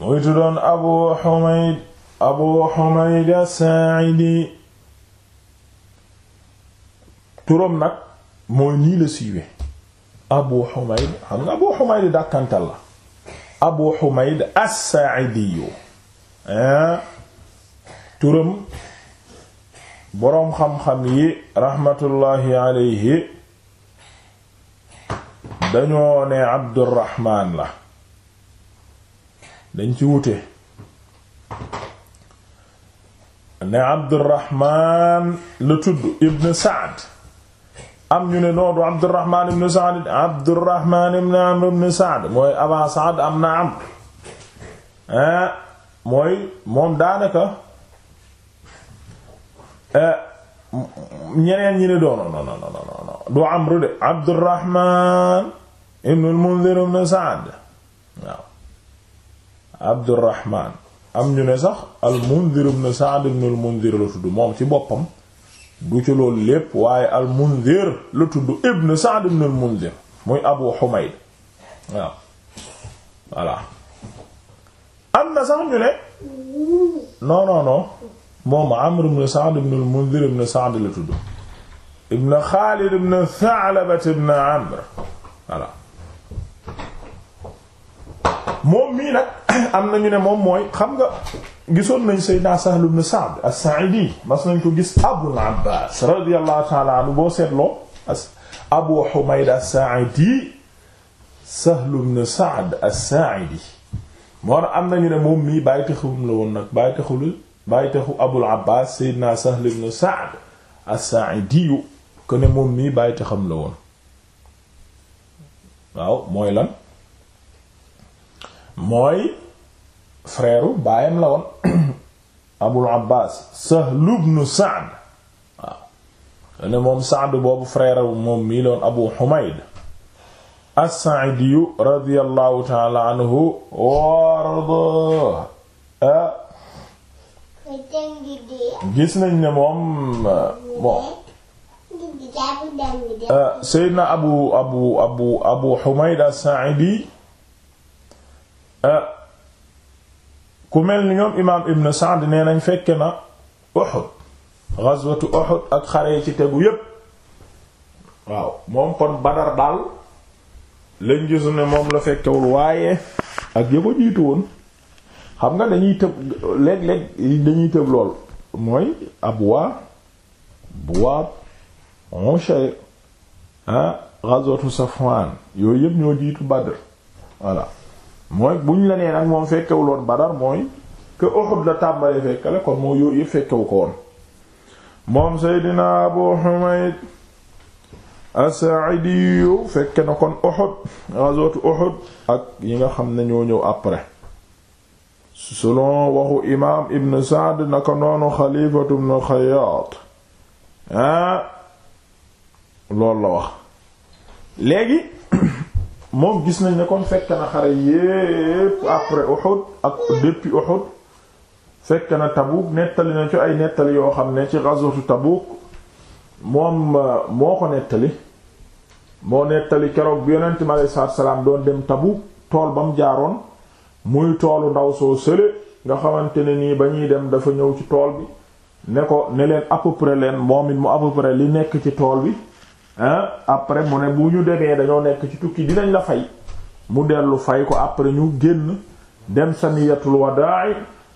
muy tuddoon abu xumayd abu xumayd as turam nag mooy nii la siiwe abu xumayd xam nga abu xumayd dàkkantal la abu xumayd as-saaidi ah, turam boroom xam-xam yi raxmatullaahi alayhi dañoo ne abdurraxmaan la dañ ci wute ne Abdurrahman la tudd Ibn Saad am ñu ne noodu Abdurrahman Ibn Saad Abdurrahman Ibn Amr Ibn Saad mooy avant Saad am na Amr ah eh, mooy moom daanaka eh, ñeneen ñi ne doon non non non non du Amr de Abdurrahman Ibn al Ibn Saad Abdurrahman am ñu ne sax al-Mundhir ibn Sa'd ibn al-Mundhir la tudd moom ci boppam du ci loolu lépp waaye al-Mundhir la tudd ibn Sa'd ibn al-Mundhir muy Abu Humayd waaw voilà am na sax ñu ne non non non moom Amr ibn Sa'd ibn al-Mundhir ibn Sa'd la tudd ibn Khalid ibn Tha'laba ibn Amr voilà moom mii nag am ñu ne moom mooy xam nga gisoon nañu Seydina Sahl ibn Sa'd as-Sa'idi mas nañ ko gis Abul Abbas radiyallahu ta'ala anhu boo seetloo Abu Humayd as-Sa'idi Sahl ibn Sa'd as-Sa'idi moo tax am nañu ne moom mii bàytaxum la woon nag bàytaxul bàytaxu Abul Abbas Seydina Sahl ibn Sa'd as-Sa'idi ko ne moom mii bàytaxam la woon waaw mooy lan mooy frère baayam la woon abul abbaas sahlu bnu saad waaw ne moom saad boobu frère moom mii loon abu xumayd as-saadiyu radiyallahu taala anhu warda ah. gis nañ ne moom bon ah, seydna abu abu abu abu xumayd as-saadi Euh, ku mel ni ñoom imaam Ibn Sa'd nee nañ fekke na Uhud ghazwatu Uhud ak xare yi ci tegu yépp waaw moom kon Badar daal lañ gisu ne moom la fekkewul waaye ak ya ko jiitu woon xam nga dañuy tëb léeg-léeg dañuy tëb lool mooy Abwa Buwaab Ushayr ah ghazwatu Safwan yooyu yépp ñoo jiitu Badr voilà mooy buñ la nee nag moom fekkewuloon Badar mooy que Uhud la tàmbalee fekkale kon moo yooyu yëpp fekkewu ko woon moom Seydina Abu Humayd as fekke na kon Uhud ghazwat Uhud ak yi nga xam ne ñoo ñëw après selon waxu imaam Ibn Sa'd naka noonu Xalifatu ibn Xayyaat ah, loolu la wax léegi moom gis nañ ne kon fekk na xare yépp après Uhud ak depuis Uhud fekk na Tabuk nettali na ci ay nettali yoo xam ne ci ghazwatu Tabuk moom euh, moo ko nettali moo nettali keroog bi yonent mi aleyhi salaatu doon dem Tabuk tool ba mu jaaroon muy toolu ndaw soo sële nga xamante ne nii ba ñuy dem dafa ñëw ci tool bi ne ko ne leen à leen moom it mu à peu près li nekk ci tool bi après mu ne bu ñu demee dañoo nekk ci tukki dinañ la fay mu dellu fay ko après ñu génn dem saniyatul wadaa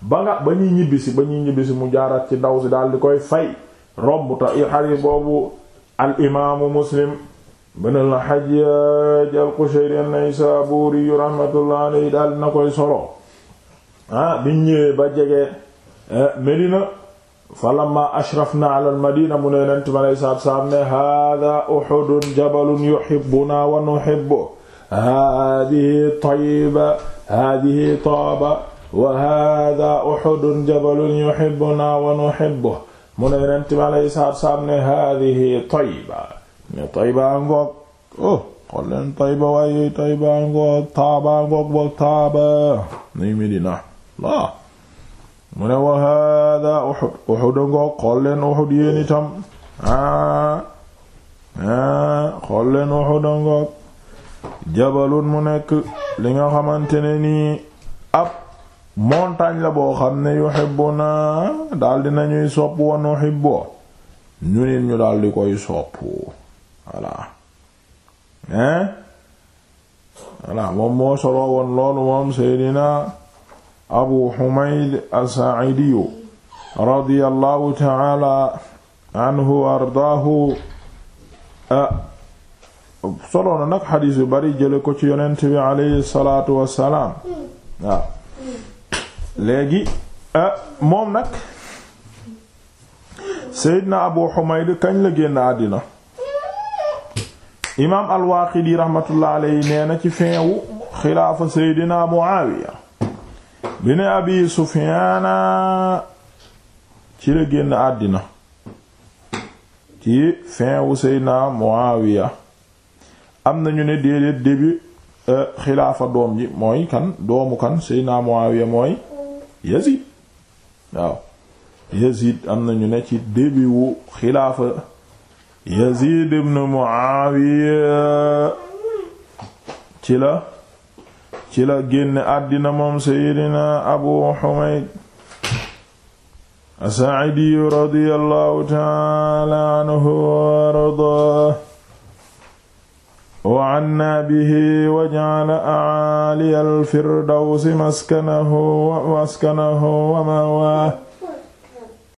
ba nga ba ñuy ñibbisi ba ñuy ñibbisi mu jaaraat ci ndaw si daal di koy fay romb ta i xaris boobu al imaamu muslim ibn al hajjaj al qushayri an-naysaburi rahmatullah alayhi daal na koy solo ah, biñ ñëwee ba jege eh, medina falamma ashrafna ala almadina mu ne yonent bi aleyhi salaatu salaam ne haada uhudun jabalun yuhibbuna wa nuhibbu haadihi tayba haadihi taaba wa haada uhudun jabalun yuhibbuna wa nuhibbu mu ne yonent bi aleyhi salaatu salaam ne haadihi tayba ne tayba ngoog oh xool leen tayba waaye tayba ngoog taaba ngoog boog taaba nuy Medina waaw mu ne wa hada Uhud Uhud ngoo xool leen Uhud yéen itam aa ah, aa ah, xool leen Uhud ngoo jabalun mu nekk li nga xamante ne nii ab montagne la boo xam ne yuhibbuna daldi nañuy sopp wa nuhibbu ñu nit ñu daldi koy sopp voilà hein voilà moom moo solo woon loolu moom Seydina abu xumaid asaacidiyu radiyallahu taala anhu wa ardaahu solo na nag xadiis yu bari jële ko ci yonent bi aleyhi salaatu wassalaam léegi moom nag seydna abu xumaid kañ la génn àddina imaam alwaaqidi raxmatullahi aleyhi nee ci feewu xilaafa seydina muawiya bi ne abi sufiana ci la génn àddina ci fin wu seydna muawiya am nañu ne déedéet début euh, xilaafa doom ji mooy kan doomu kan seydna muawiya mooy yazid waaw yazid am nañu ne ci début wu xilaafa yazid ibn muawiya ci la ci la génn àddina moom seydina abu xumayd asaacidi radiyallahu taala anhu wa ardaah wa anna bihi wa jacala acaaliya alfirdawsi maskanahu wa maskanahu wa mawaa